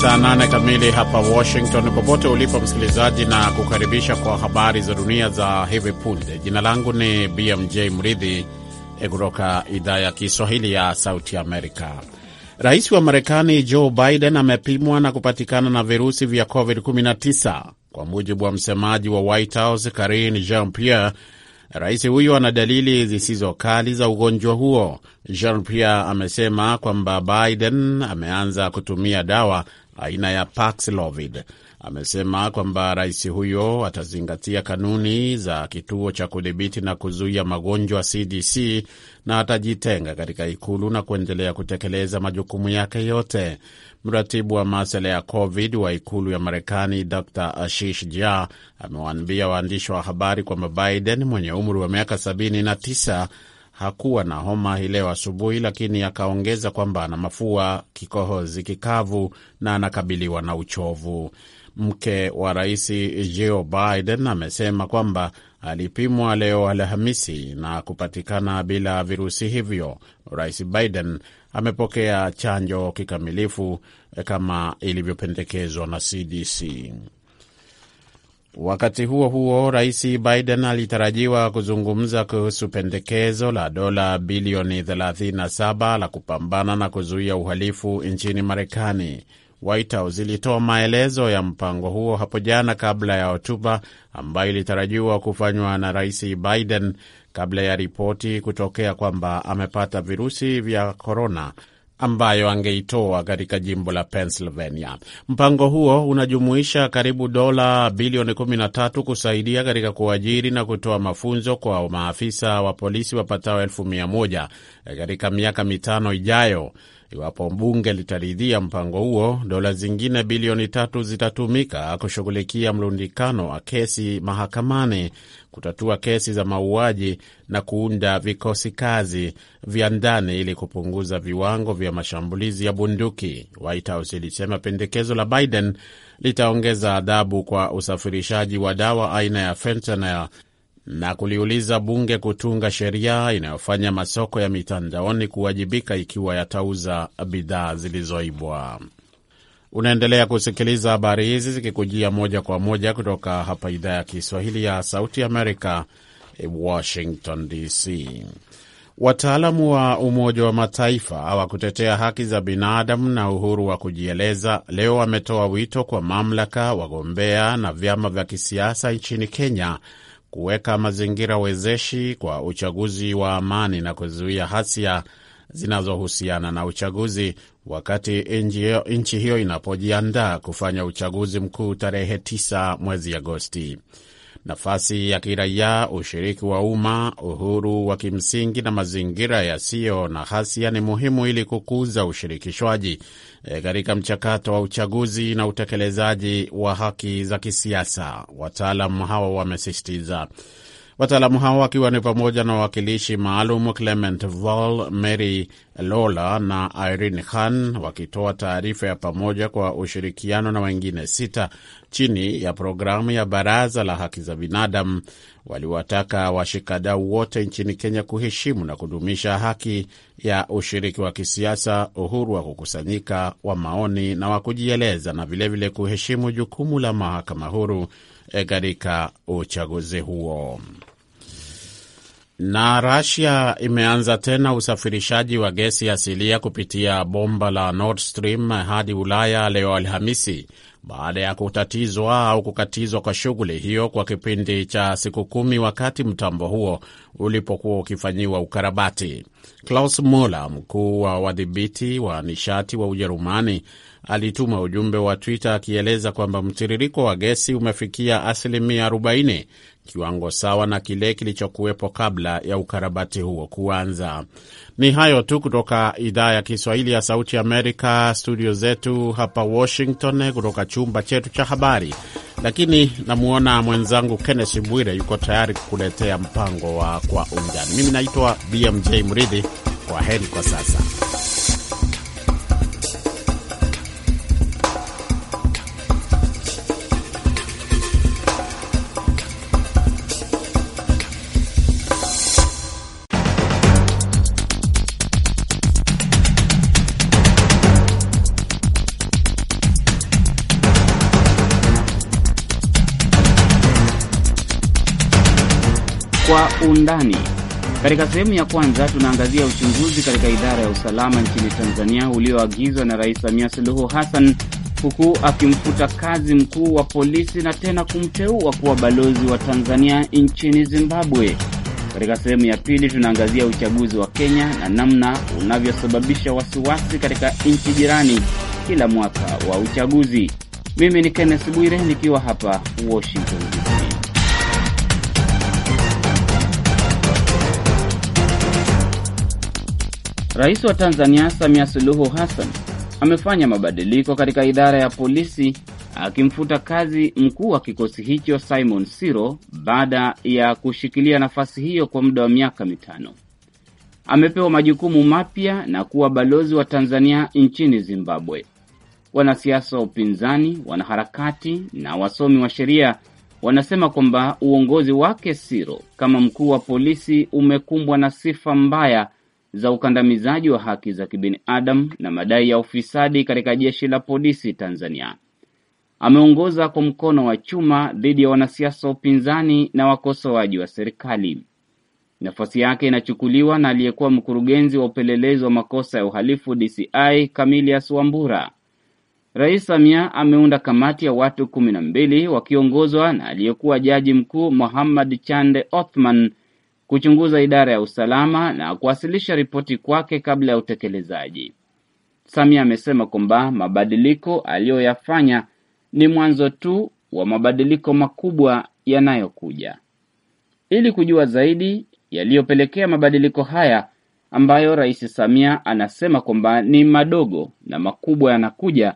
saa nane kamili hapa Washington, popote ulipo msikilizaji, na kukaribisha kwa habari za dunia za hivi punde. Jina langu ni BMJ Mridhi eh, kutoka idhaa ya Kiswahili ya Sauti Amerika. Rais wa Marekani Joe Biden amepimwa na kupatikana na virusi vya COVID-19 kwa mujibu wa msemaji wa White House Karine Jean Pierre. Rais huyo ana dalili zisizo kali za ugonjwa huo. Jean Pierre amesema kwamba Biden ameanza kutumia dawa aina ya Paxlovid. Amesema kwamba rais huyo atazingatia kanuni za kituo cha kudhibiti na kuzuia magonjwa CDC na atajitenga katika ikulu na kuendelea kutekeleza majukumu yake yote. Mratibu wa masuala ya COVID wa ikulu ya Marekani Dr Ashish Jha amewaambia waandishi wa habari kwamba Biden mwenye umri wa miaka 79 hakuwa na homa hii leo asubuhi, lakini akaongeza kwamba ana mafua, kikohozi kikavu na anakabiliwa na uchovu. Mke wa rais Joe Biden amesema kwamba alipimwa leo Alhamisi na kupatikana bila virusi hivyo. Rais Biden amepokea chanjo kikamilifu eh, kama ilivyopendekezwa na CDC. Wakati huo huo, rais Biden alitarajiwa kuzungumza kuhusu pendekezo la dola bilioni 37 la kupambana na kuzuia uhalifu nchini Marekani. White House ilitoa maelezo ya mpango huo hapo jana kabla ya hotuba ambayo ilitarajiwa kufanywa na rais Biden kabla ya ripoti kutokea kwamba amepata virusi vya korona ambayo angeitoa katika jimbo la Pennsylvania. Mpango huo unajumuisha karibu dola bilioni 13 kusaidia katika kuajiri na kutoa mafunzo kwa maafisa wa polisi wapatao elfu mia moja katika miaka mitano ijayo. Iwapo bunge litaridhia mpango huo, dola zingine bilioni tatu zitatumika kushughulikia mlundikano wa kesi mahakamani, kutatua kesi za mauaji na kuunda vikosi kazi vya ndani ili kupunguza viwango vya mashambulizi ya bunduki. White House ilisema pendekezo la Biden litaongeza adhabu kwa usafirishaji wa dawa aina ya fentanyl na kuliuliza bunge kutunga sheria inayofanya masoko ya mitandaoni kuwajibika ikiwa yatauza bidhaa zilizoibwa. Unaendelea kusikiliza habari hizi zikikujia moja kwa moja kutoka hapa idhaa ya Kiswahili ya Sauti Amerika, Washington DC. Wataalamu wa Umoja wa Mataifa wa kutetea haki za binadamu na uhuru wa kujieleza leo wametoa wito kwa mamlaka, wagombea na vyama vya kisiasa nchini Kenya kuweka mazingira wezeshi kwa uchaguzi wa amani na kuzuia hasia zinazohusiana na uchaguzi wakati nchi hiyo inapojiandaa kufanya uchaguzi mkuu tarehe 9 mwezi Agosti nafasi ya kiraia, ushiriki wa umma, uhuru wa kimsingi na mazingira yasiyo na hasia ni muhimu ili kukuza ushirikishwaji e, katika mchakato wa uchaguzi na utekelezaji wa haki za kisiasa, wataalamu hawa wamesisitiza. Wataalamu hao wakiwa ni pamoja na wawakilishi maalum Clement Val, Mary Lola na Irene Khan, wakitoa taarifa ya pamoja kwa ushirikiano na wengine sita chini ya programu ya Baraza la Haki za Binadamu, waliwataka washikadau wote nchini Kenya kuheshimu na kudumisha haki ya ushiriki wa kisiasa, uhuru wa kukusanyika, wa maoni na wa kujieleza, na vilevile kuheshimu jukumu la mahakama huru Eh, katika uchaguzi huo. Na Russia imeanza tena usafirishaji wa gesi asilia kupitia bomba la Nord Stream hadi Ulaya leo Alhamisi baada ya kutatizwa au kukatizwa kwa shughuli hiyo kwa kipindi cha siku kumi wakati mtambo huo ulipokuwa ukifanyiwa ukarabati. Klaus Muller, mkuu wa wadhibiti wa nishati wa Ujerumani, alituma ujumbe wa Twitter akieleza kwamba mtiririko wa gesi umefikia asilimia 40, kiwango sawa na kile kilichokuwepo kabla ya ukarabati huo kuanza. Ni hayo tu kutoka idhaa ya Kiswahili ya Sauti Amerika, studio zetu hapa Washington, kutoka chumba chetu cha habari. Lakini namwona mwenzangu Kenneth Bwire yuko tayari kukuletea mpango wa Kwa Undani. Mimi naitwa BMJ Mridhi. Kwa heri kwa sasa. undani. Katika sehemu ya kwanza tunaangazia uchunguzi katika idara ya usalama nchini Tanzania ulioagizwa na Rais Samia Suluhu Hassan huku akimfuta kazi mkuu wa polisi na tena kumteua kuwa balozi wa Tanzania nchini Zimbabwe. Katika sehemu ya pili tunaangazia uchaguzi wa Kenya na namna unavyosababisha wasiwasi katika nchi jirani kila mwaka wa uchaguzi. Mimi ni Kenneth Bwire nikiwa hapa Washington Rais wa Tanzania Samia Suluhu Hassan amefanya mabadiliko katika idara ya polisi akimfuta kazi mkuu wa kikosi hicho Simon Siro baada ya kushikilia nafasi hiyo kwa muda wa miaka mitano. Amepewa majukumu mapya na kuwa balozi wa Tanzania nchini Zimbabwe. Wanasiasa wa upinzani, wanaharakati na wasomi wa sheria wanasema kwamba uongozi wake Siro kama mkuu wa polisi umekumbwa na sifa mbaya za ukandamizaji wa haki za kibinadamu na madai ya ufisadi katika jeshi la polisi Tanzania. Ameongoza kwa mkono wa chuma dhidi ya wanasiasa wa upinzani na wakosoaji wa serikali. Nafasi yake inachukuliwa na aliyekuwa mkurugenzi wa upelelezi wa makosa ya uhalifu DCI Camillus Wambura. Rais Samia ameunda kamati ya watu kumi na mbili wakiongozwa na aliyekuwa jaji mkuu Muhammad Chande Othman kuchunguza idara ya usalama na kuwasilisha ripoti kwake kabla ya utekelezaji. Samia amesema kwamba mabadiliko aliyoyafanya ni mwanzo tu wa mabadiliko makubwa yanayokuja. Ili kujua zaidi yaliyopelekea mabadiliko haya ambayo Rais Samia anasema kwamba ni madogo na makubwa yanakuja,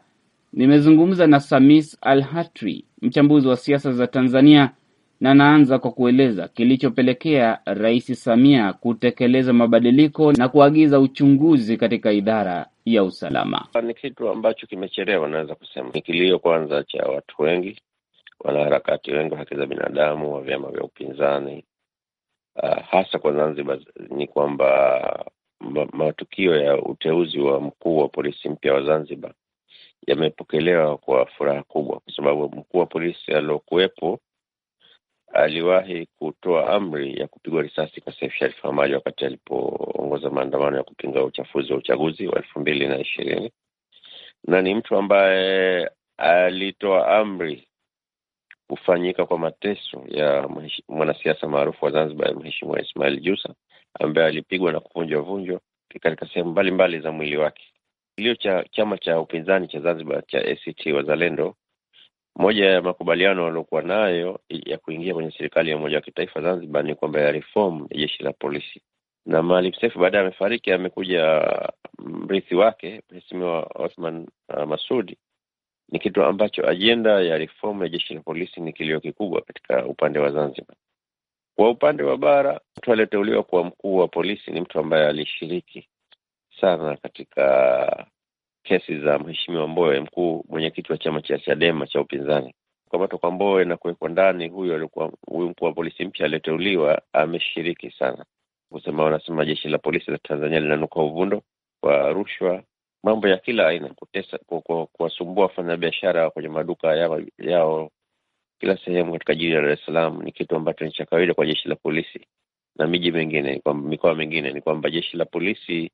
nimezungumza na Samis Al Hatri, mchambuzi wa siasa za Tanzania na naanza kwa kueleza kilichopelekea Rais Samia kutekeleza mabadiliko na kuagiza uchunguzi katika idara ya usalama. Ni kitu ambacho kimechelewa, naweza kusema ni kilio kwanza cha watu wengi, wanaharakati wengi wa haki za binadamu, wa vyama vya upinzani uh, hasa kwa Zanzibar ni kwamba matukio ya uteuzi wa mkuu wa polisi mpya wa Zanzibar yamepokelewa kwa furaha kubwa, kwa sababu mkuu wa polisi aliokuwepo aliwahi kutoa amri ya kupigwa risasi kwa Seif Sharif Hamad wakati alipoongoza maandamano ya kupinga uchafuzi wa uchaguzi wa elfu mbili na ishirini na ni mtu ambaye alitoa amri kufanyika kwa mateso ya mwanasiasa maarufu wa Zanzibar, Mheshimiwa Ismail Jusa, ambaye alipigwa na kuvunjwa vunjwa katika sehemu mbalimbali za mwili wake. Kilio cha chama cha upinzani cha Zanzibar cha ACT Wazalendo moja ya makubaliano waliokuwa nayo ya kuingia kwenye serikali ya umoja wa kitaifa Zanzibar ni kwamba ya reform ya jeshi la polisi, na Maalim Seif baada ya amefariki, amekuja mm, mrithi wake Mheshimiwa Othman uh, Masudi. Ni kitu ambacho ajenda ya reform ya jeshi la polisi ni kilio kikubwa katika upande wa Zanzibar. Kwa upande wa bara, mtu aliyeteuliwa kuwa mkuu wa polisi ni mtu ambaye alishiriki sana katika kesi za Mheshimiwa mboe mkuu mwenyekiti wa chama cha Chadema cha upinzani kukamatwa kwa mboe na kuwekwa ndani. Huyu alikuwa huyu mkuu wa polisi mpya aliyoteuliwa ameshiriki sana kusema, wanasema jeshi la polisi la Tanzania linanuka uvundo kwa rushwa, mambo ya kila aina, kutesa, kuwasumbua wafanyabiashara kwenye maduka yao, yao kila sehemu katika jiji la Dar es Salaam ni kitu ambacho ni cha kawaida kwa jeshi la polisi na miji mingine, mikoa mingine, ni kwamba jeshi la polisi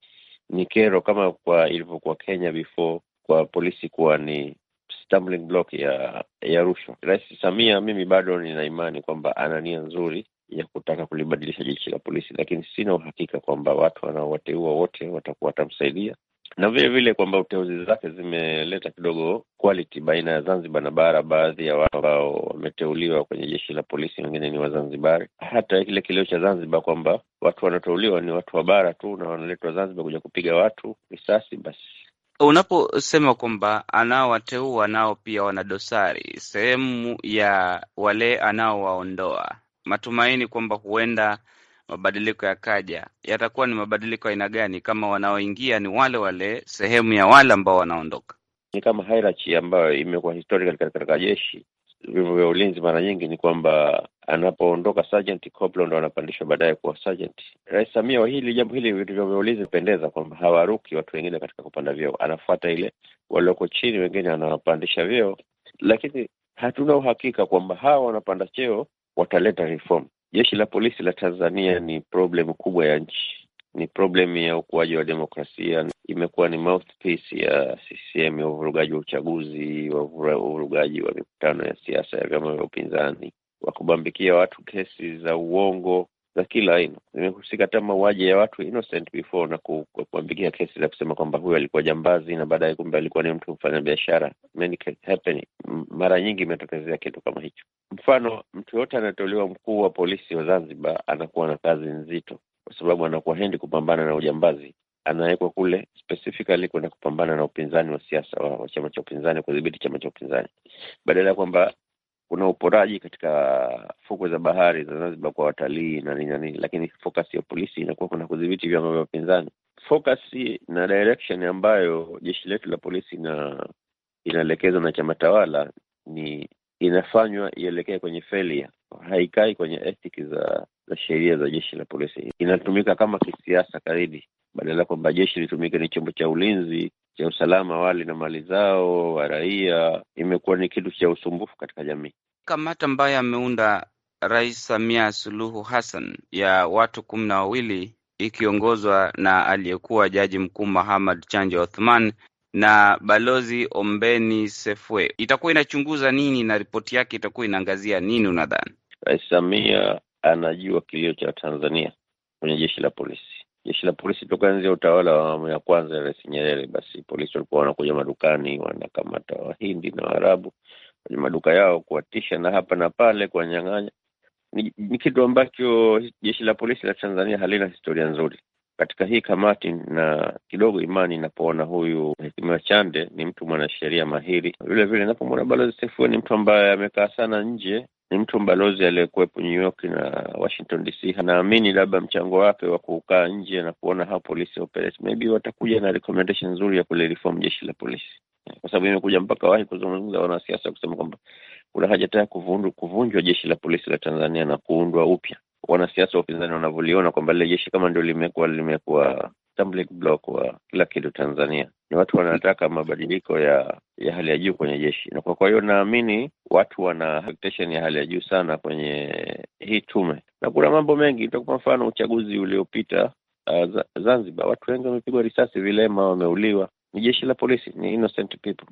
ni kero kama kwa ilivyokuwa Kenya before kwa polisi kuwa ni stumbling block ya ya rushwa. Rais Samia, mimi bado nina imani kwamba ana nia nzuri ya kutaka kulibadilisha jeshi la polisi, lakini sina uhakika kwamba watu wanaowateua wote watakuwa watamsaidia na vile vile kwamba uteuzi zake zimeleta kidogo quality baina ya Zanzibar na bara. Baadhi ya watu ambao wameteuliwa kwenye jeshi la polisi wengine ni Wazanzibari. Hata kile kilio cha Zanzibar kwamba watu wanaoteuliwa ni watu wa bara tu na wanaletwa Zanzibar kuja kupiga watu risasi, basi Unaposema kwamba anaowateua nao pia wana dosari, sehemu ya wale anaowaondoa, matumaini kwamba huenda mabadiliko yakaja, yatakuwa ni mabadiliko aina gani kama wanaoingia ni wale wale sehemu ya wale ambao wanaondoka? Ni kama hierarchy ambayo imekuwa historical katika jeshi, vyombo vya ulinzi. Mara nyingi ni kwamba anapoondoka sergeant, corporal ndo anapandishwa baadaye kuwa sergeant. Rais Samia wa hili jambo hili, vitu vya ulinzi vipendeza kwamba hawaruki watu wengine katika kupanda vyeo, anafuata ile walioko chini, wengine anawapandisha vyeo, lakini hatuna uhakika kwamba hawa wanapanda cheo wataleta reform. Jeshi la polisi la Tanzania ni problem kubwa ya nchi, ni problem ya ukuaji wa demokrasia. Imekuwa ni mouthpiece ya CCM ya uvurugaji wa uchaguzi, uvurugaji wa mikutano ya siasa ya vyama vya upinzani, wa kubambikia watu kesi za uongo za kila aina zimehusika hata mauaji ya watu innocent before na kuambikia kesi za kusema kwamba huyo alikuwa jambazi na baadaye kumbe alikuwa ni mtu mfanya biashara. mara nyingi imetokezea kitu kama hicho. Mfano, mtu yoyote anatolewa mkuu wa polisi wa Zanzibar anakuwa na kazi nzito, kwa sababu anakuwa hendi kupambana na ujambazi anawekwa kule specifically kwenda kupambana na upinzani wa siasa wa, wa chama cha upinzani, kudhibiti chama cha upinzani, badala ya kwamba kuna uporaji katika fukwe za bahari za Zanzibar kwa watalii na nini na nini, lakini focus ya polisi inakuwa kuna kudhibiti vyama vya upinzani. Focus na direction ambayo jeshi letu la polisi na inaelekezwa na chama tawala ni inafanywa ielekee kwenye failure, haikai kwenye ethics za za sheria za jeshi la polisi, inatumika kama kisiasa karidi, badala ya kwamba jeshi litumike ni chombo cha ulinzi cha usalama wali na mali zao wa raia imekuwa ni kitu cha usumbufu katika jamii. Kamati ambayo ameunda Rais Samia Suluhu Hassan ya watu kumi na wawili ikiongozwa na aliyekuwa jaji mkuu Mahamad Chanja Othman na balozi Ombeni Sefue itakuwa inachunguza nini na ripoti yake itakuwa inaangazia nini? Unadhani Rais Samia anajua kilio cha Tanzania kwenye jeshi la polisi? jeshi la polisi toka ya utawala wa awamu ya kwanza ya Rais Nyerere, basi polisi walikuwa wanakuja madukani wanakamata Wahindi na Waarabu kwenye maduka yao kuwatisha na hapa na pale kuwanyang'anya. Ni, ni kitu ambacho jeshi la polisi la Tanzania halina historia nzuri katika hii kamati, na kidogo imani inapoona huyu Mheshimiwa Chande ni mtu mwanasheria mahiri, vile vile inapomwona Balozi Sefue ni mtu ambaye amekaa sana nje ni mtu mbalozi aliyekuwepo New York na Washington DC, anaamini labda mchango wake wa kukaa nje na kuona how polisi operate, maybe watakuja na recommendation nzuri ya kulireform jeshi la polisi, kwa sababu imekuja mpaka wahi kuzungumza wanasiasa kusema kwamba kuna haja taya kuvunjwa jeshi la polisi la Tanzania na kuundwa upya. Wanasiasa wa upinzani wanavyoliona kwamba lile jeshi kama ndio limekuwa limekuwa stumbling block wa kila kitu Tanzania ni watu wanataka mabadiliko ya ya hali ya juu kwenye jeshi, na kwa hiyo naamini watu wana expectation ya hali ya juu sana kwenye hii tume, na kuna mambo mengi. Kwa mfano uchaguzi uliopita uh, Zanzibar, watu wengi wamepigwa risasi, vilema wameuliwa, ni jeshi la polisi, ni innocent people.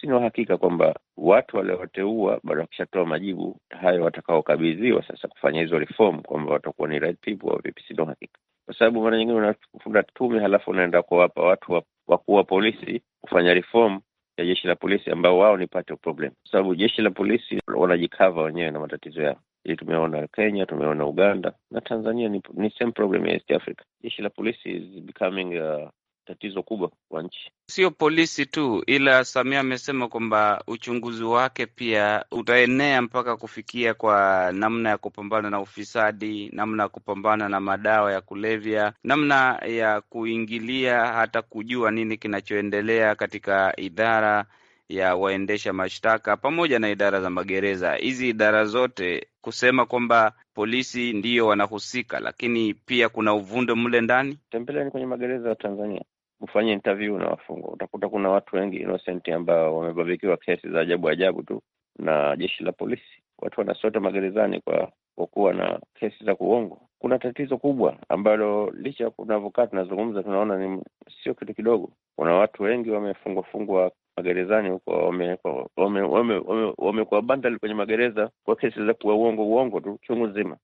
Sina uhakika kwamba watu waliowateua baada ya kushatoa majibu hayo watakaokabidhiwa sasa kufanya hizo reform kwamba watakuwa ni right people au vipi, sina uhakika, kwa sababu mara nyingine unafunda tume halafu unaenda kuwapa watu wakuu wa polisi kufanya reform ya jeshi la polisi ambao wao ni part of problem, kwa sababu jeshi la polisi wanajikava wenyewe na matatizo yao. ili tumeona Kenya, tumeona Uganda na Tanzania ni, ni same problem ya East Africa. Jeshi la polisi is becoming a uh, tatizo kubwa kwa nchi, sio polisi tu. Ila Samia amesema kwamba uchunguzi wake pia utaenea mpaka kufikia kwa namna ya kupambana na ufisadi, namna ya kupambana na madawa ya kulevya, namna ya kuingilia hata kujua nini kinachoendelea katika idara ya waendesha mashtaka pamoja na idara za magereza. Hizi idara zote kusema kwamba polisi ndiyo wanahusika, lakini pia kuna uvundo mle ndani. Tembeleni kwenye magereza ya Tanzania, ufanye interview na wafungwa, utakuta kuna watu wengi innocent ambao wamebabikiwa kesi za ajabu ajabu tu na jeshi la polisi. Watu wanasota magerezani kwa kwa kuwa na kesi za kuongo. Kuna tatizo kubwa ambalo licha ya tunavyokaa tunazungumza, tunaona ni sio kitu kidogo. Kuna watu wengi wamefungwa fungwa magerezani huko, wamekuwa wame, wame, wame, wame bandali kwenye magereza kwa kesi za kuwa uongo uongo tu chungu nzima.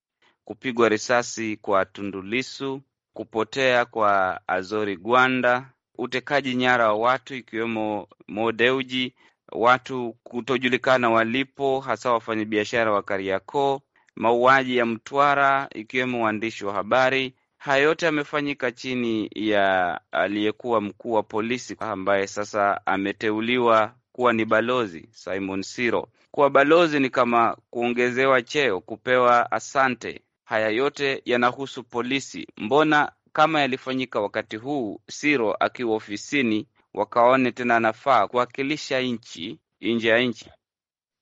Kupigwa risasi kwa Tundulisu kupotea kwa Azori Gwanda, utekaji nyara wa watu ikiwemo modeuji watu kutojulikana walipo, hasa wafanyabiashara wa Kariakoo, mauaji ya Mtwara ikiwemo waandishi wa habari. Haya yote yamefanyika chini ya aliyekuwa mkuu wa polisi ambaye sasa ameteuliwa kuwa ni balozi Simon Siro. Kuwa balozi ni kama kuongezewa cheo, kupewa asante. Haya yote yanahusu polisi. Mbona kama yalifanyika wakati huu Siro akiwa ofisini, wakaone tena anafaa kuwakilisha nchi nje ya nchi?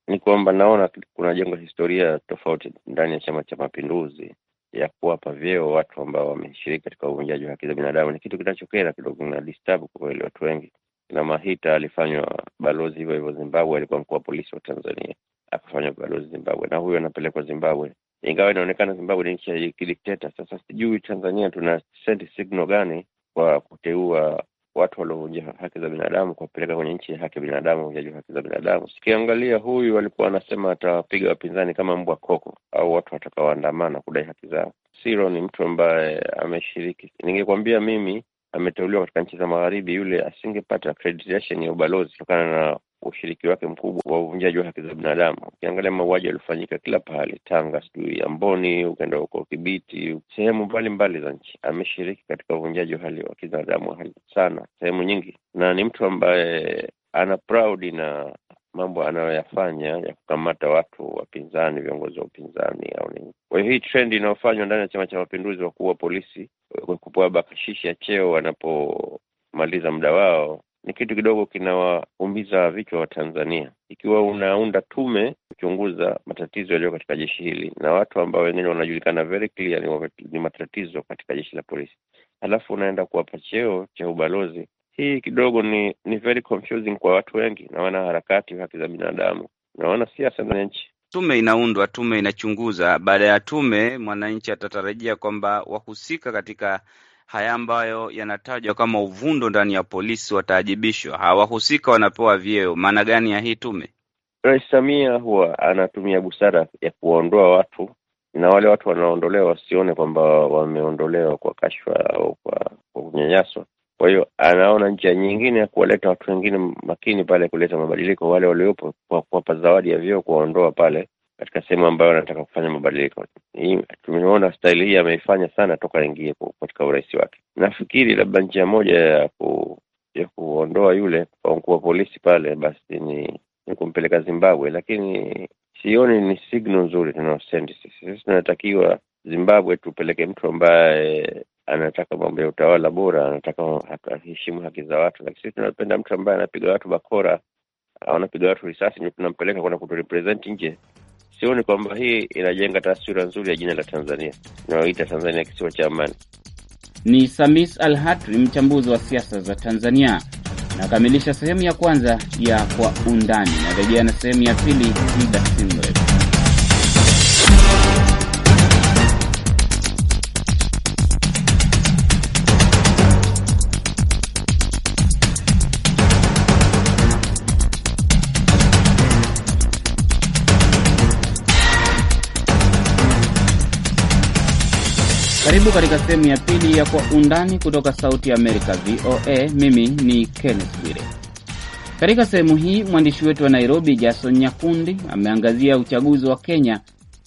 Ni kwamba naona jengo historia tofauti ndani ya Chama cha Mapinduzi ya kuwapa vyeo watu ambao wameshiriki katika uvunjaji wa haki za binadamu. Ni kitu kinachokera kidogo, na disturb kwa kweli watu wengi. Na Mahita alifanywa balozi hivyo hivyo Zimbabwe, alikuwa mkuu wa polisi wa Tanzania akafanywa balozi Zimbabwe, na huyo anapelekwa Zimbabwe ingawa inaonekana Zimbabwe ni nchi ya kidikteta. Sasa sijui Tanzania tuna sendi signal gani kwa kuteua watu waliovunja haki za binadamu kuwapeleka kwenye nchi ya haki ya binadamu, uvunjaji wa haki za binadamu. Sikiangalia huyu alikuwa anasema atawapiga wapinzani kama mbwa koko, au watu watakaoandamana kudai haki zao. Siro ni mtu ambaye ameshiriki. Ningekwambia mimi ameteuliwa katika nchi za magharibi, yule asingepata accreditation ya ubalozi kutokana na ushiriki wake mkubwa wa uvunjaji wa haki za binadamu. Ukiangalia mauaji yaliyofanyika kila pahali, Tanga, sijui Amboni, ukaenda huko Kibiti, sehemu mbalimbali za nchi, ameshiriki katika uvunjaji wa hali wa kibinadamu hali sana, sehemu nyingi, na ni mtu ambaye ana proud na mambo anayoyafanya ya kukamata watu wapinzani, viongozi wa upinzani au nini. Kwa hiyo hii trend inayofanywa ndani ya Chama cha Mapinduzi, wakuu wa polisi kupewa bakshishi ya cheo wanapomaliza muda wao ni kitu kidogo kinawaumiza vichwa wa Tanzania. Ikiwa unaunda tume kuchunguza matatizo yaliyo katika jeshi hili na watu ambao wengine wanajulikana very clear ni matatizo katika jeshi la polisi, alafu unaenda kuwapa cheo cha ubalozi, hii kidogo ni ni very confusing kwa watu wengi na wanaharakati wa haki za binadamu na wanasiasa na nchi. Tume inaundwa, tume inachunguza. Baada ya tume, mwananchi atatarajia kwamba wahusika katika Haya ambayo yanatajwa kama uvundo ndani ya polisi wataajibishwa, hawahusika wanapewa vyeo. Maana gani ya hii tume? Rais Samia huwa anatumia busara ya kuwaondoa watu na wale watu wanaondolewa wasione kwamba wameondolewa kwa kashfa au kwa, kwa kunyanyaswa. Kwa hiyo anaona njia nyingine ya kuwaleta watu wengine makini pale kuleta mabadiliko, wale waliopo kwa kuwapa zawadi ya vyeo, kuwaondoa pale katika sehemu ambayo anataka kufanya mabadiliko. Tumeona staili hii ameifanya sana toka aingie katika urais wake. Nafikiri labda njia moja ya ku, ya kuondoa yule mkuu wa polisi pale basi ni, ni kumpeleka Zimbabwe, lakini sioni ni signal nzuri tunaosendi sisi. Sisi tunatakiwa Zimbabwe tupeleke mtu ambaye anataka mambo ya utawala bora, anataka heshimu haki za watu, lakini sisi tunapenda mtu ambaye anapiga watu bakora, anapiga watu risasi, ndio tunampeleka kwenda kuturepresent nje sioni kwamba hii inajenga taswira nzuri ya jina la Tanzania inayoita Tanzania kisiwa cha amani. Ni Samis Al Hatri, mchambuzi wa siasa za Tanzania. Nakamilisha sehemu ya kwanza ya Kwa Undani, narejea na sehemu ya pili muda si Karibu katika sehemu ya pili ya Kwa Undani kutoka Sauti ya Amerika, VOA. Mimi ni Kenneth Bwire. Katika sehemu hii mwandishi wetu wa Nairobi, Jason Nyakundi, ameangazia uchaguzi wa Kenya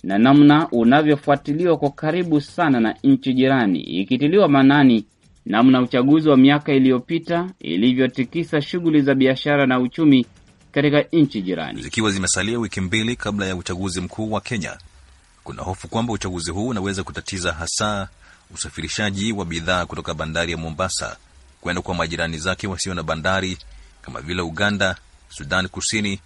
na namna unavyofuatiliwa kwa karibu sana na nchi jirani, ikitiliwa maanani namna uchaguzi wa miaka iliyopita ilivyotikisa shughuli za biashara na uchumi katika nchi jirani. Zikiwa zimesalia wiki mbili kabla ya uchaguzi mkuu wa Kenya, kuna hofu kwamba uchaguzi huu unaweza kutatiza hasa usafirishaji wa bidhaa kutoka bandari ya Mombasa kwenda kwa majirani zake wasio na bandari kama vile Uganda, Sudan Kusini,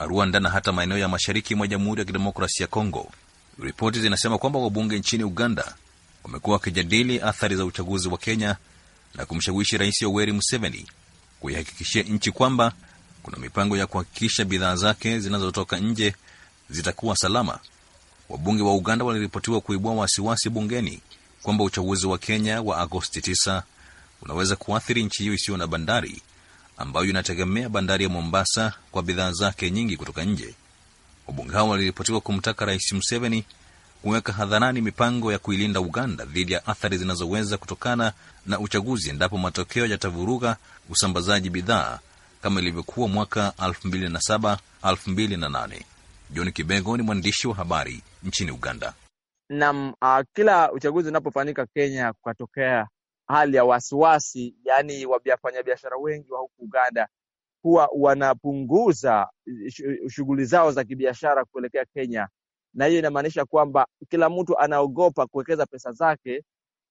Rwanda na hata maeneo ya mashariki mwa Jamhuri ya Kidemokrasia ya Kongo. Ripoti zinasema kwamba wabunge nchini Uganda wamekuwa wakijadili athari za uchaguzi wa Kenya na kumshawishi Rais Yoweri Museveni kuihakikishia nchi kwamba kuna mipango ya kuhakikisha bidhaa zake zinazotoka nje zitakuwa salama. Wabunge wa Uganda waliripotiwa kuibua wasiwasi bungeni kwamba uchaguzi wa Kenya wa Agosti 9 unaweza kuathiri nchi hiyo isiyo na bandari ambayo inategemea bandari ya Mombasa kwa bidhaa zake nyingi kutoka nje. Wabunge hao waliripotiwa kumtaka Rais Museveni kuweka hadharani mipango ya kuilinda Uganda dhidi ya athari zinazoweza kutokana na uchaguzi endapo matokeo yatavuruga usambazaji bidhaa kama ilivyokuwa mwaka 2007 2008. John Kibego ni mwandishi wa habari nchini Uganda. Naam, ah, kila uchaguzi unapofanyika Kenya kukatokea hali ya wasiwasi, yaani wafanyabiashara wengi wa huku Uganda huwa wanapunguza eh, eh, shughuli zao za kibiashara kuelekea Kenya, na hiyo inamaanisha kwamba kila mtu anaogopa kuwekeza pesa zake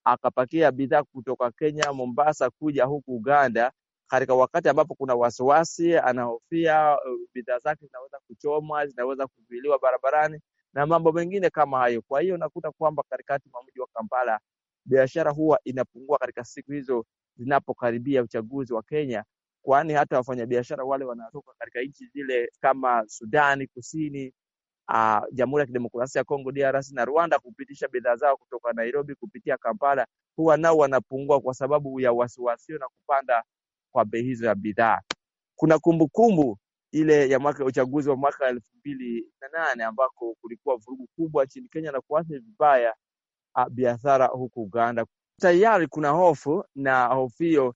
akapakia bidhaa kutoka Kenya Mombasa kuja huku Uganda katika wakati ambapo kuna wasiwasi, anahofia eh, bidhaa zake zinaweza kuchomwa, zinaweza kuviliwa barabarani na mambo mengine kama hayo. Kwa hiyo unakuta kwamba katikati mwa mji wa Kampala biashara huwa inapungua katika siku hizo zinapokaribia uchaguzi wa Kenya, kwani hata wafanyabiashara wale wanatoka katika nchi zile kama Sudani Kusini, uh, Jamhuri ya Kidemokrasia ya Kongo DRC na Rwanda kupitisha bidhaa zao kutoka Nairobi kupitia Kampala huwa nao wanapungua kwa sababu ya wasiwasi na kupanda kwa bei hizo ya bidhaa. Kuna kumbukumbu kumbu ile ya mwaka uchaguzi wa mwaka elfu mbili na nane ambako kulikuwa vurugu kubwa nchini Kenya na kuathiri vibaya biashara huku Uganda. Tayari kuna hofu na hofu hiyo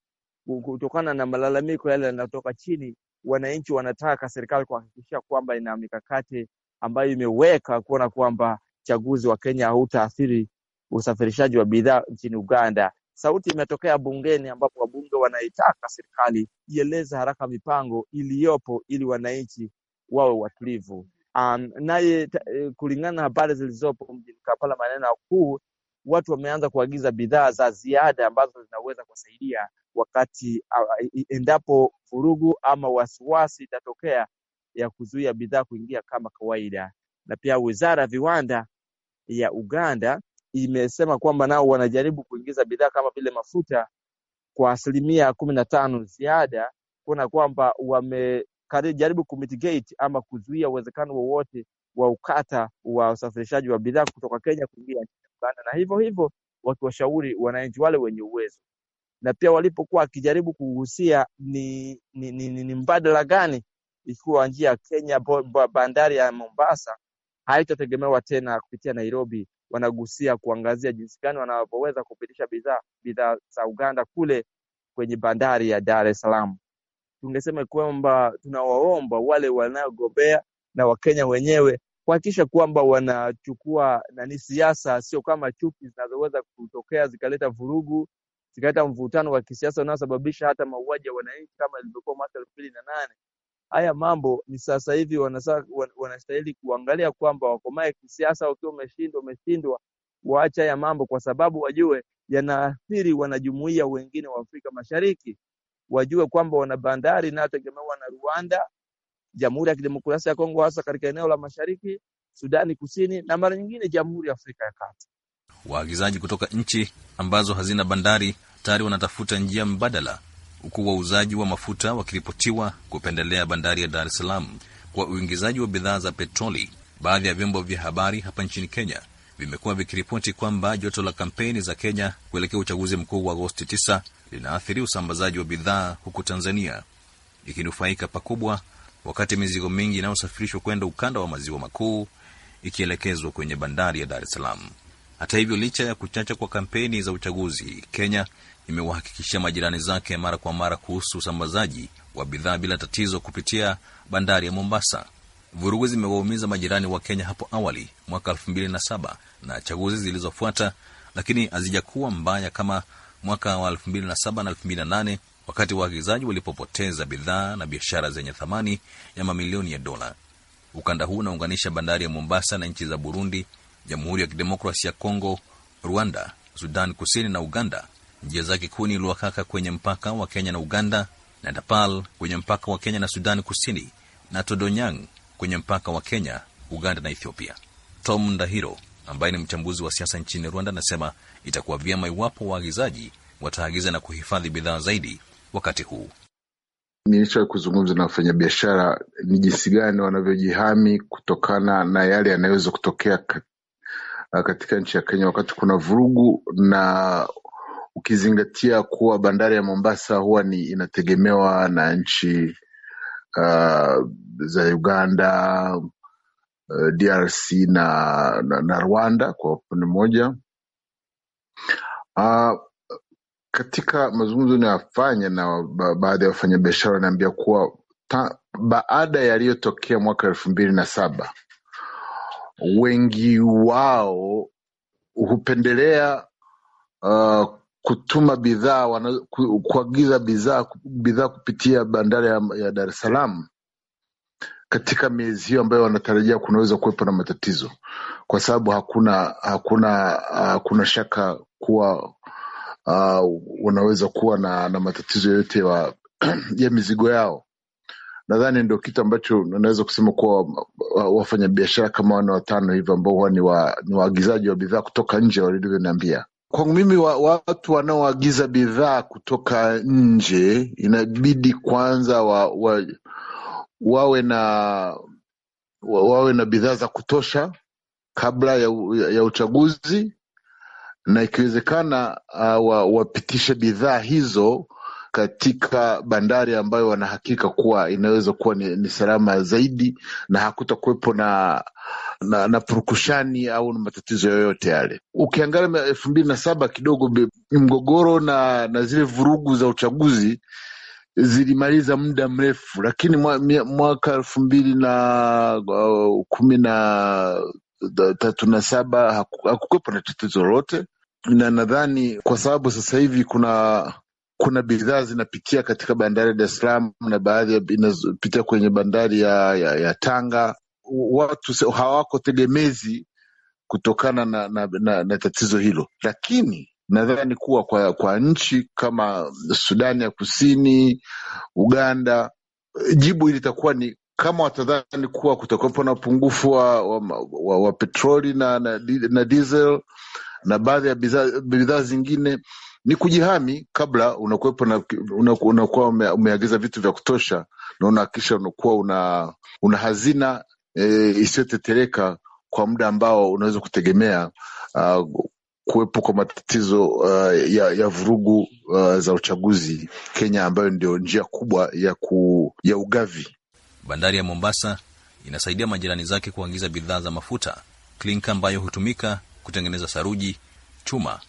kutokana na malalamiko yale yanayotoka chini. Wananchi wanataka serikali kuhakikishia kwamba ina mikakati ambayo imeweka kuona kwamba uchaguzi wa Kenya hautaathiri usafirishaji wa bidhaa nchini Uganda sauti imetokea bungeni ambapo wabunge wanaitaka serikali ieleze haraka mipango iliyopo ili wananchi wawe watulivu. Um, naye eh, kulingana na habari zilizopo mjini Kampala, maeneo kuu, watu wameanza kuagiza bidhaa za ziada ambazo zinaweza kuwasaidia wakati uh, endapo vurugu ama wasiwasi itatokea ya kuzuia bidhaa kuingia kama kawaida. Na pia wizara ya viwanda ya Uganda imesema kwamba nao wanajaribu kuingiza bidhaa kama vile mafuta kwa asilimia kumi na tano ziada kuona kwamba wamejaribu kumitigate ama kuzuia uwezekano wowote wa ukata wa usafirishaji wa bidhaa kutoka Kenya kuingia nchini Uganda, na hivyo hivyo wakiwashauri wananchi wale wenye uwezo. Na pia walipokuwa wakijaribu kuhusia ni, ni, ni, ni, ni mbadala gani ikiwa njia ya Kenya bandari ya Mombasa haitategemewa tena kupitia Nairobi wanagusia kuangazia jinsi gani wanavyoweza kupitisha bidhaa bidhaa za Uganda kule kwenye bandari ya Dar es Salaam. Tungesema kwamba tunawaomba wale wanaogombea na Wakenya wenyewe kuhakikisha kwamba wanachukua nani siasa sio kama chuki zinazoweza kutokea zikaleta vurugu zikaleta mvutano wa kisiasa unaosababisha hata mauaji ya wananchi kama ilivyokuwa mwaka elfu mbili na nane haya mambo ni sasa hivi wanastahili kuangalia kwamba wakomae kisiasa. Wakiwa umeshindwa umeshindwa waache haya mambo, kwa sababu wajue yanaathiri wanajumuia wengine wa Afrika Mashariki. Wajue kwamba wana bandari inayotegemewa na Rwanda, Jamhuri ya Kidemokrasia ya Kongo, hasa katika eneo la mashariki, Sudani Kusini na mara nyingine Jamhuri ya Afrika ya Kati. Waagizaji kutoka nchi ambazo hazina bandari tayari wanatafuta njia mbadala huku wauzaji wa mafuta wakiripotiwa kupendelea bandari ya Dar es Salaam kwa uingizaji wa bidhaa za petroli. Baadhi ya vyombo vya habari hapa nchini Kenya vimekuwa vikiripoti kwamba joto la kampeni za Kenya kuelekea uchaguzi mkuu wa Agosti 9 linaathiri usambazaji wa bidhaa, huku Tanzania ikinufaika pakubwa, wakati mizigo mingi inayosafirishwa kwenda ukanda wa maziwa makuu ikielekezwa kwenye bandari ya Dar es Salaam. Hata hivyo, licha ya kuchacha kwa kampeni za uchaguzi, Kenya imewahakikishia majirani zake mara kwa mara kuhusu usambazaji wa bidhaa bila tatizo kupitia bandari ya Mombasa. Vurugu zimewaumiza majirani wa Kenya hapo awali mwaka elfu na chaguzi zilizofuata, lakini hazijakuwa mbaya kama mwaka wa elfu na wakati waagizaji walipopoteza bidhaa na biashara zenye thamani ya mamilioni ya dola. Ukanda huu unaunganisha bandari ya Mombasa na nchi za Burundi, Jamhuri ya Kidemokrasi ya Kongo, Rwanda, Sudan Kusini na Uganda, njia zake kuu ni Luakaka kwenye mpaka wa Kenya na Uganda, na Dapal kwenye mpaka wa Kenya na Sudani Kusini, na Todonyang kwenye mpaka wa Kenya, Uganda na Ethiopia. Tom Ndahiro ambaye ni mchambuzi wa siasa nchini Rwanda anasema itakuwa vyema iwapo waagizaji wataagiza na kuhifadhi bidhaa zaidi wakati huu. Nilicho kuzungumza na wafanyabiashara ni jinsi gani wanavyojihami kutokana na yale yanayoweza kutokea katika nchi ya Kenya wakati kuna vurugu na ukizingatia kuwa bandari ya Mombasa huwa ni inategemewa na nchi uh, za Uganda, uh, DRC na, na, na Rwanda kwa upande mmoja. Uh, katika mazungumzo inayofanya na baadhi ya wafanyabiashara wanaambia kuwa ta, baada yaliyotokea mwaka elfu mbili na saba wengi wao hupendelea uh, kutuma bidhaa ku, kuagiza bidhaa bidhaa kupitia bandari ya, ya Dar es Salaam katika miezi hiyo ambayo wanatarajia kunaweza kuwepo na matatizo, kwa sababu hakuna hakuna hakuna shaka kuwa uh, wanaweza kuwa na, na matatizo yoyote ya mizigo yao. Nadhani ndio kitu ambacho naweza kusema kuwa uh, wafanyabiashara kama wane watano hivyo ambao huwa ni waagizaji wa, wa bidhaa kutoka nje walivyoniambia Kwangu mimi wa, watu wanaoagiza bidhaa kutoka nje inabidi kwanza wa, wa, wawe na wa, wawe na bidhaa za kutosha kabla ya, ya uchaguzi na ikiwezekana uh, wapitishe bidhaa hizo katika bandari ambayo wanahakika kuwa inaweza kuwa ni, ni salama zaidi na hakutakuwepo na na, na purukushani au na matatizo yoyote yale. Ukiangalia elfu mbili na saba kidogo mgogoro na, na zile vurugu za uchaguzi zilimaliza muda mrefu, lakini mwaka elfu mbili na uh, kumi na tatu na saba hakukuwepo na tatizo lolote, na nadhani kwa sababu sasa hivi kuna kuna bidhaa zinapitia katika bandari ya Dar es Salaam na baadhi inapitia kwenye bandari ya, ya, ya Tanga. Watu hawako tegemezi kutokana na, na, na, na tatizo hilo, lakini nadhani kuwa kwa, kwa nchi kama Sudani ya Kusini, Uganda, jibu litakuwa ni kama watadhani kuwa kutakuwepo na upungufu wa, wa, wa, wa petroli na, na, na diesel na baadhi ya bidhaa zingine ni kujihami kabla unakuwepo na unakuwa ume, umeagiza vitu vya kutosha na unahakikisha unakuwa una, una hazina e, isiyotetereka kwa muda ambao unaweza kutegemea uh, kuwepo kwa matatizo uh, ya, ya vurugu uh, za uchaguzi Kenya, ambayo ndio njia kubwa ya, ku, ya ugavi. Bandari ya Mombasa inasaidia majirani zake kuagiza bidhaa za mafuta klinka ambayo hutumika kutengeneza saruji, chuma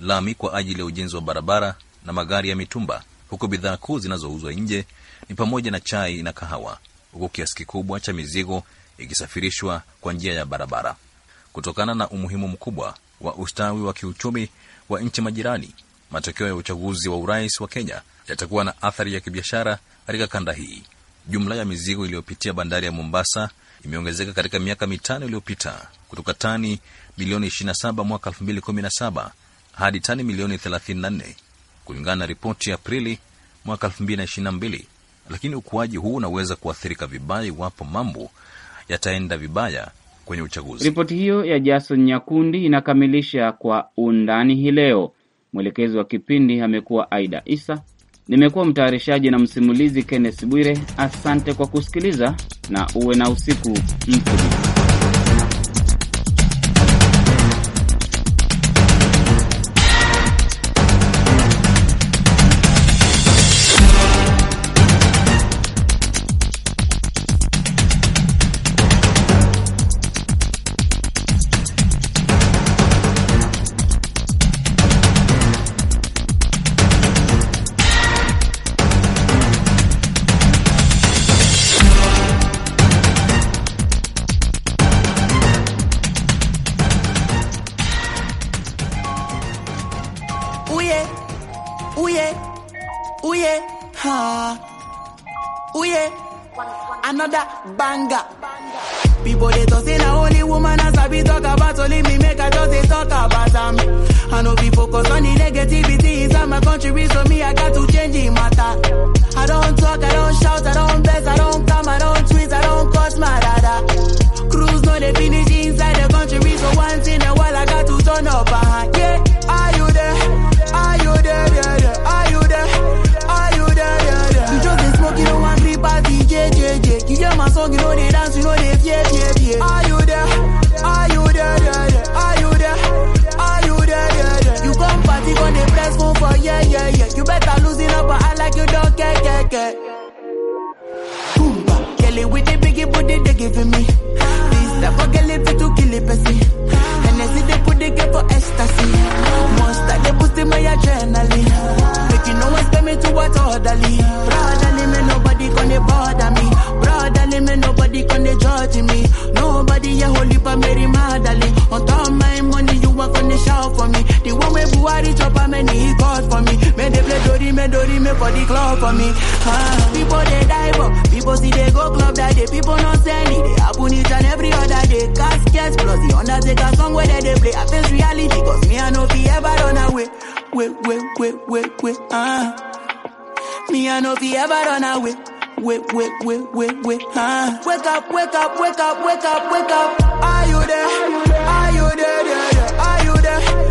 lami kwa ajili ya ujenzi wa barabara na magari ya mitumba, huku bidhaa kuu zinazouzwa nje ni pamoja na chai na kahawa, huku kiasi kikubwa cha mizigo ikisafirishwa kwa njia ya barabara. Kutokana na umuhimu mkubwa wa ustawi wa kiuchumi wa nchi majirani, matokeo ya uchaguzi wa urais wa Kenya yatakuwa na athari ya kibiashara katika kanda hii. Jumla ya mizigo iliyopitia bandari ya Mombasa imeongezeka katika miaka mitano iliyopita kutoka tani milioni 27 mwaka hadi tani milioni 34 kulingana na ripoti ya Aprili mwaka 2022, lakini ukuaji huu unaweza kuathirika vibaya iwapo mambo yataenda vibaya kwenye uchaguzi. Ripoti hiyo ya Jason Nyakundi inakamilisha kwa undani hii leo. Mwelekezi wa kipindi amekuwa Aida Isa. Nimekuwa mtayarishaji na msimulizi Kenneth Bwire. Asante kwa kusikiliza na uwe na usiku mtulivu. another banger. People they talk say na only woman as I be talk about only me make a just they talk about me. Um, I know be focused on the negativity inside my country so me I got to change the matter. I don't talk, I don't shout, I don't bless, I don't come, I don't tweet, I don't cause my dada. Cruise know they finish inside the country so once in a while I got to turn up behind. my song, you know they dance, you know they fear, fear, fear. Are you there? Are you there, there, there? Are you there? Are you there, there, there? You come party, gon' they press phone for yeah, yeah, yeah. You better lose it up, but I like you don't care, care, care. Boomba, Kelly with the biggie booty they giving me. This type of girl, if to kill it, pussy. me for the club for me. Ah, people they dive up, people see they go club that day, people not sell it. They happen each and every other day. Caskets plus the Undertaker song where they, they play. I face reality, cause me I know be ever run away. Wait, wait, wait, wait, wait, ah. Me I know be ever run away. Wait, wait, wait, wait, wait, ah. Wake up, wake up, wake up, wake up, wake up. Are you there? Are you there? there, there?